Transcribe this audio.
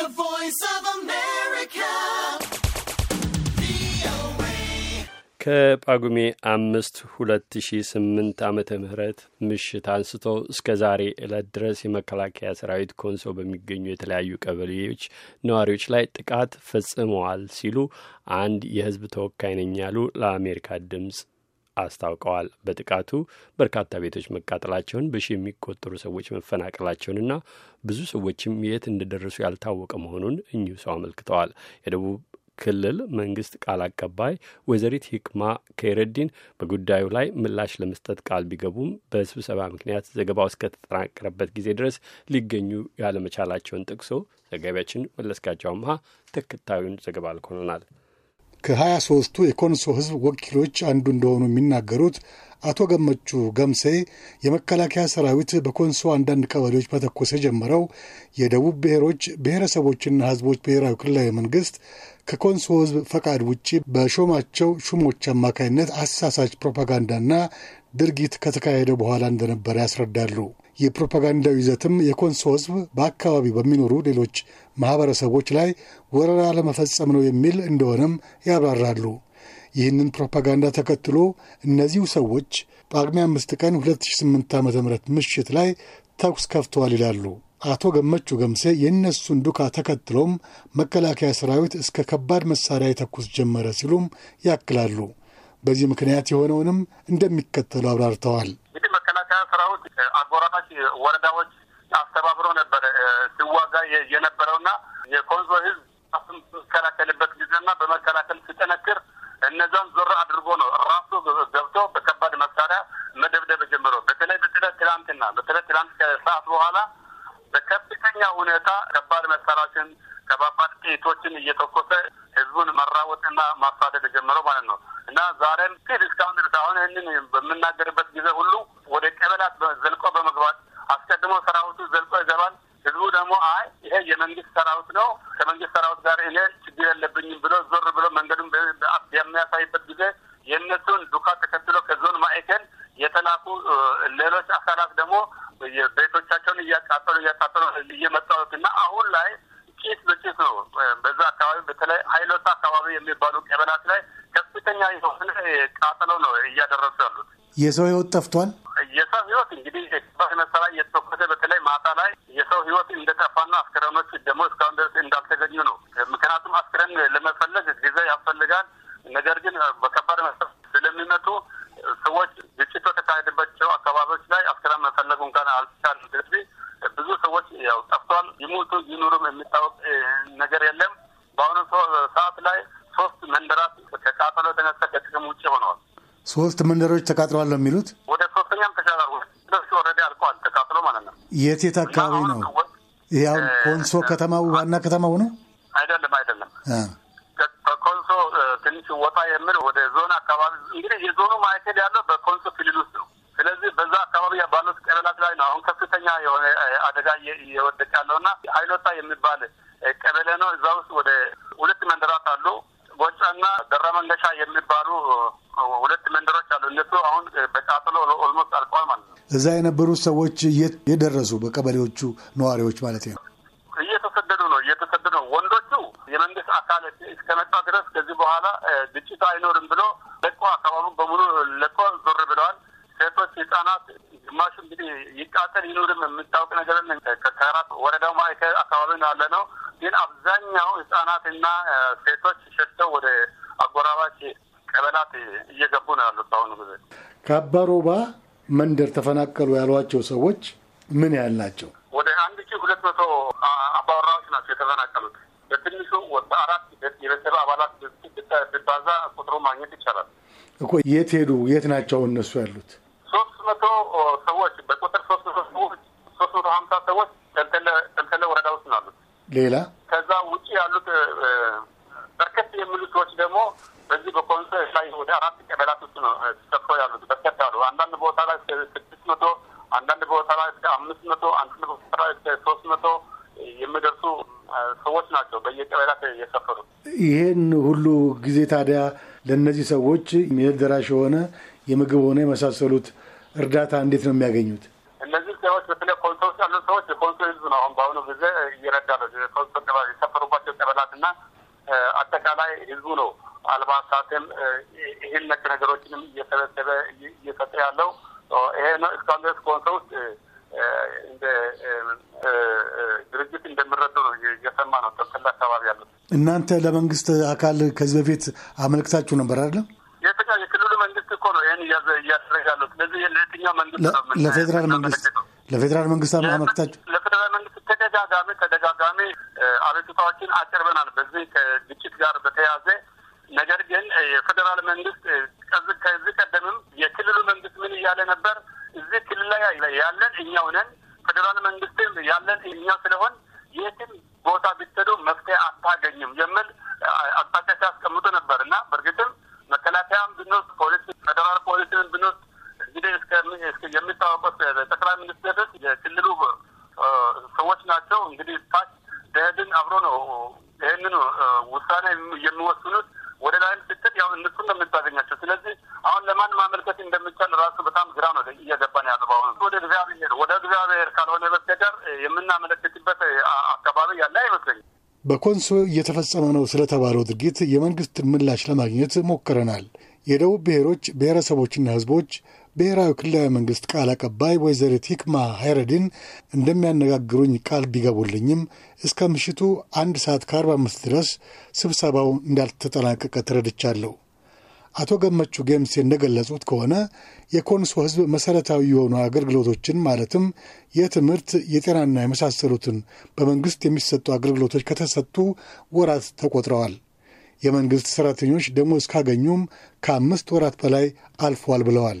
The Voice of America. ከጳጉሜ አምስት ሁለት ሺ ስምንት ዓመተ ምህረት ምሽት አንስቶ እስከ ዛሬ ዕለት ድረስ የመከላከያ ሰራዊት ኮንሶ በሚገኙ የተለያዩ ቀበሌዎች ነዋሪዎች ላይ ጥቃት ፈጽመዋል ሲሉ አንድ የህዝብ ተወካይ ነኝ ያሉ ለአሜሪካ ድምፅ አስታውቀዋል። በጥቃቱ በርካታ ቤቶች መቃጠላቸውን፣ በሺ የሚቆጠሩ ሰዎች መፈናቀላቸውንና ብዙ ሰዎችም የት እንደደረሱ ያልታወቀ መሆኑን እኚሁ ሰው አመልክተዋል። የደቡብ ክልል መንግስት ቃል አቀባይ ወይዘሪት ሂክማ ከይረዲን በጉዳዩ ላይ ምላሽ ለመስጠት ቃል ቢገቡም በስብሰባ ምክንያት ዘገባው እስከተጠናቀረበት ጊዜ ድረስ ሊገኙ ያለመቻላቸውን ጠቅሶ ዘጋቢያችን መለስካቸው አምሃ ተከታዩን ዘገባ ልኮልናል። ከሀያ ሶስቱ የኮንሶ ህዝብ ወኪሎች አንዱ እንደሆኑ የሚናገሩት አቶ ገመቹ ገምሴ የመከላከያ ሰራዊት በኮንሶ አንዳንድ ቀበሌዎች መተኮስ የጀመረው የደቡብ ብሔሮች ብሔረሰቦችና ህዝቦች ብሔራዊ ክልላዊ መንግሥት ከኮንሶ ህዝብ ፈቃድ ውጪ በሾማቸው ሹሞች አማካኝነት አሳሳች ፕሮፓጋንዳና ድርጊት ከተካሄደ በኋላ እንደነበረ ያስረዳሉ። የፕሮፓጋንዳው ይዘትም የኮንሶ ህዝብ በአካባቢው በሚኖሩ ሌሎች ማህበረሰቦች ላይ ወረራ ለመፈጸም ነው የሚል እንደሆነም ያብራራሉ። ይህንን ፕሮፓጋንዳ ተከትሎ እነዚሁ ሰዎች ጳጉሜ አምስት ቀን 2008 ዓ ም ምሽት ላይ ተኩስ ከፍተዋል ይላሉ አቶ ገመቹ ገምሴ። የእነሱን ዱካ ተከትሎም መከላከያ ሰራዊት እስከ ከባድ መሳሪያ የተኩስ ጀመረ ሲሉም ያክላሉ። በዚህ ምክንያት የሆነውንም እንደሚከተሉ አብራርተዋል። እንግዲህ መከላከያ ሰራዊት አጎራባች ወረዳዎች አስተባብሮ ነበረ ሲዋጋ የነበረውና የኮንዞ ህዝብ ከላከልበት ጊዜ ጊዜና በመከላከል ሲጠነክር እነዛን ዞር አድርጎ ነው ራሱ ገብቶ በከባድ መሳሪያ መደብደብ ጀምሮ በተለይ በተለይ ትላንትና በተለይ ትላንት ከሰዓት በኋላ በከፍተኛ ሁኔታ ከባድ መሳሪያዎችን ከባባድ ጥይቶችን እየተኮሰ ህዝቡን መራወጥና ማሳደድ ጀምሮ ማለት ነው እና ዛሬም ፊል እስካሁን ድረስ አሁን ይህንን በምናገርበት ጊዜ ሁሉ ወደ ቀበላት ዘልቆ በመግባት ሌሎች አካላት ደግሞ ቤቶቻቸውን እያቃጠሉ እያቃጠሉ እየመጣሉት እና አሁን ላይ ጭስ በጭስ ነው። በዛ አካባቢ በተለይ ሀይሎት አካባቢ የሚባሉ ቀበናት ላይ ከፍተኛ የሆነ ቃጠለው ነው እያደረሱ ያሉት። የሰው ህይወት ጠፍቷል። የሰው ህይወት እንግዲህ ባሽ መሳሪያ እየተተኮሰ በተለይ ማታ ላይ የሰው ህይወት እንደጠፋና አስክረኖች ደግሞ እስካሁን ድረስ እንዳልተገኙ ነው። ምክንያቱም አስክረን ለመፈለግ ጊዜ ያስፈልጋል። ነገር ግን በከባድ መሳሪያ ስለሚመጡ ሰዎች ይሞቱ ይኑሩም የሚታወቅ ነገር የለም። በአሁኑ ሰዓት ላይ ሶስት መንደራት ከቃጠሎ የተነሳ ከጥቅም ውጭ ሆነዋል። ሶስት መንደሮች ተቃጥለዋል ነው የሚሉት። ወደ ሶስተኛም ተሻጋር ወረዳ አልቀዋል ተቃጥሎ ማለት ነው። የት የት አካባቢ ነው? ያው ኮንሶ ከተማው ዋና ከተማው ነው አይደለም? አይደለም በኮንሶ ትንሽ ወጣ የምል ወደ ዞን አካባቢ እንግዲህ የዞኑ ማዕከል ያለው በኮንሶ ክልል ስለዚህ በዛ አካባቢ ባሉት ቀበላት ላይ ነው አሁን ከፍተኛ የሆነ አደጋ እየወደቀ ያለው እና ሀይሎታ የሚባል ቀበሌ ነው። እዛ ውስጥ ወደ ሁለት መንደራት አሉ። ጎጫና ደራ መንገሻ የሚባሉ ሁለት መንደሮች አሉ። እነሱ አሁን በቃጠሎ ኦልሞስት አልቀዋል ማለት ነው። እዛ የነበሩት ሰዎች የት የደረሱ በቀበሌዎቹ ነዋሪዎች ማለት ነው እየተሰደዱ ነው እየተሰደዱ ነው። ወንዶቹ የመንግስት አካል እስከመጣ ድረስ ከዚህ በኋላ ግጭቱ አይኖርም ብሎ ለቆ አካባቢ በሙሉ ለቆ ዞር ብለዋል። ሴቶች፣ ህጻናት ግማሹ እንግዲህ ይቃጠል ይኑርም የምታውቅ ነገር ከራት ወረዳው ማዕከል አካባቢ ነው ያለ ነው። ግን አብዛኛው ህጻናትና ሴቶች ሸሽተው ወደ አጎራባች ቀበላት እየገቡ ነው ያሉት። በአሁኑ ጊዜ ከአባሮባ መንደር ተፈናቀሉ ያሏቸው ሰዎች ምን ያህል ናቸው? ወደ አንድ ሺ ሁለት መቶ አባወራዎች ናቸው የተፈናቀሉት። በትንሹ ወደ አራት የቤተሰብ አባላት ብባዛ ቁጥሩ ማግኘት ይቻላል እኮ። የት ሄዱ? የት ናቸው እነሱ ያሉት? ሶስት መቶ ሰዎች በቁጥር ሶስት መቶ ሰዎች ሶስት መቶ ሀምሳ ሰዎች ተልተለ ወረዳ ውስጥ ነው ያሉት። ሌላ ከዛ ውጭ ያሉት በርከት የሚሉ ሰዎች ደግሞ በዚህ በኮንሶ ላይ ወደ አራት ቀበላት ውስጥ ነው ተሰጥፎ ያሉት። በርከት ያሉ አንዳንድ ቦታ ላይ ስድስት መቶ አንዳንድ ቦታ ላይ እስከ አምስት መቶ አንዳንድ ቦታ ላይ እስከ ሶስት መቶ የሚደርሱ ሰዎች ናቸው በየቀበላት የሰፈሩት። ይሄን ሁሉ ጊዜ ታዲያ ለእነዚህ ሰዎች የደራሽ የሆነ የምግብ ሆነ የመሳሰሉት እርዳታ እንዴት ነው የሚያገኙት? እነዚህ ሰዎች በተለይ ኮንሶ ውስጥ ያሉ ሰዎች የኮንሶ ህዝብ ነው አሁን በአሁኑ ጊዜ እየረዳ ነው። የሰፈሩባቸው ቀበላት እና አጠቃላይ ህዝቡ ነው አልባሳትም ይህን ነክ ነገሮችንም እየሰበሰበ እየሰጠ ያለው ይሄ ነው። እስካሁን ድረስ ኮንሶ ውስጥ እንደ ድርጅት እንደምረዱ ነው እየሰማ ነው። ተክላ አካባቢ ያሉት እናንተ ለመንግስት አካል ከዚህ በፊት አመልክታችሁ ነበር አይደለም? የክልሉ መንግስት እኮ ነው ይህን እያደረገ ያለው። ስለዚህ ለፌዴራል መንግስት ለፌዴራል መንግስት አመልክታችሁ ለፌዴራል መንግስት ተደጋጋሚ ተደጋጋሚ አቤቱታዎችን አቅርበናል። በዚህ ከግጭት ጋር በተያዘ ነገር ግን የፌዴራል መንግስት ከዚህ ቀደምም የክልሉ መንግስት ምን እያለ ነበር? እዚህ ክልል ላይ ያለን እኛው ነን፣ ፌዴራል መንግስትም ያለን እኛው ስለሆን የትም ቦታ ብትሄዱ መፍትሄ አታገኝም የምል አቅጣጫ ሲያስቀምጡ ነበር እና በእርግጥም መከላከያም ብንወስድ ፖሊስ ፌዴራል ፖሊስን ብንወስድ እንግዲህ የሚታወቁት ጠቅላይ ሚኒስትር የክልሉ ሰዎች ናቸው። እንግዲህ ታች ደህድን አብሮ ነው ይህንን ውሳኔ የሚወስኑት። ወደ ላይም ስትል ያው እነሱ እንደምታገኛቸው። ስለዚህ አሁን ለማን ማመልከት እንደሚቻል ራሱ በጣም ግራ ነው እየገባን ያለ። በአሁኑ ወደ እግዚአብሔር ወደ እግዚአብሔር ካልሆነ በስተቀር የምናመለክትበት አካባቢ ያለ አይመስለኝም። በኮንሶ እየተፈጸመ ነው ስለተባለው ድርጊት የመንግስት ምላሽ ለማግኘት ሞክረናል። የደቡብ ብሔሮች ብሔረሰቦችና ህዝቦች ብሔራዊ ክልላዊ መንግስት ቃል አቀባይ ወይዘሪት ሂክማ ሃይረዲን እንደሚያነጋግሩኝ ቃል ቢገቡልኝም እስከ ምሽቱ አንድ ሰዓት ከ45 ድረስ ስብሰባው እንዳልተጠናቀቀ ተረድቻለሁ። አቶ ገመቹ ጌምሴ እንደገለጹት ከሆነ የኮንሶ ህዝብ መሠረታዊ የሆኑ አገልግሎቶችን ማለትም የትምህርት፣ የጤናና የመሳሰሉትን በመንግሥት የሚሰጡ አገልግሎቶች ከተሰጡ ወራት ተቆጥረዋል። የመንግሥት ሠራተኞች ደሞዝ ካገኙም ከአምስት ወራት በላይ አልፏል ብለዋል።